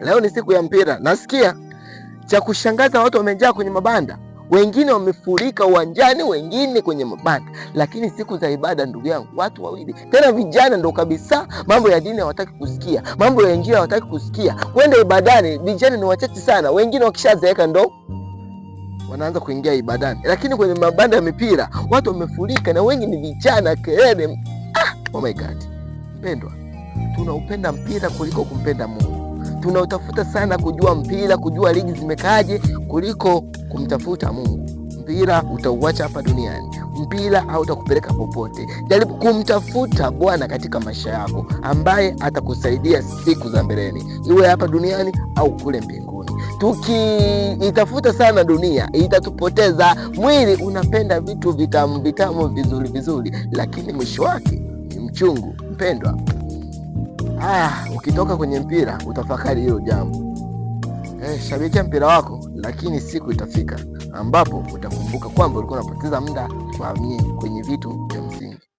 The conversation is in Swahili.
leo ni siku ya mpira. Nasikia cha kushangaza, watu wamejaa kwenye mabanda, wengine wamefurika uwanjani, wengine kwenye mabanda. Lakini siku za ibada, ndugu yangu, watu wawili tena, vijana ndo kabisa. Mambo ya dini hawataki kusikia, mambo ya Injili hawataki kusikia. Kwenda ibadani, vijana ni wachache sana, wengine wakishazeeka ndo wanaanza kuingia ibadani, lakini kwenye mabanda ya mipira watu wamefurika, na wengi ni vijana, kelele. Ah, oh my God, mpendwa, tunaupenda mpira kuliko kumpenda Mungu tunautafuta sana kujua mpira, kujua ligi zimekaaje, kuliko kumtafuta Mungu. Mpira utauacha hapa duniani, mpira hautakupeleka popote. Jaribu kumtafuta Bwana katika maisha yako, ambaye atakusaidia siku za mbeleni, iwe hapa duniani au kule mbinguni. Tukiitafuta sana dunia itatupoteza. Mwili unapenda vitu vitamu vitamu, vizuri vizuri, lakini mwisho wake ni mchungu. Mpendwa, Ah, ukitoka kwenye mpira utafakari hilo jambo. Eh, shabikia mpira wako, lakini siku itafika ambapo utakumbuka kwamba ulikuwa unapoteza muda kwa mimi kwenye vitu vya msingi.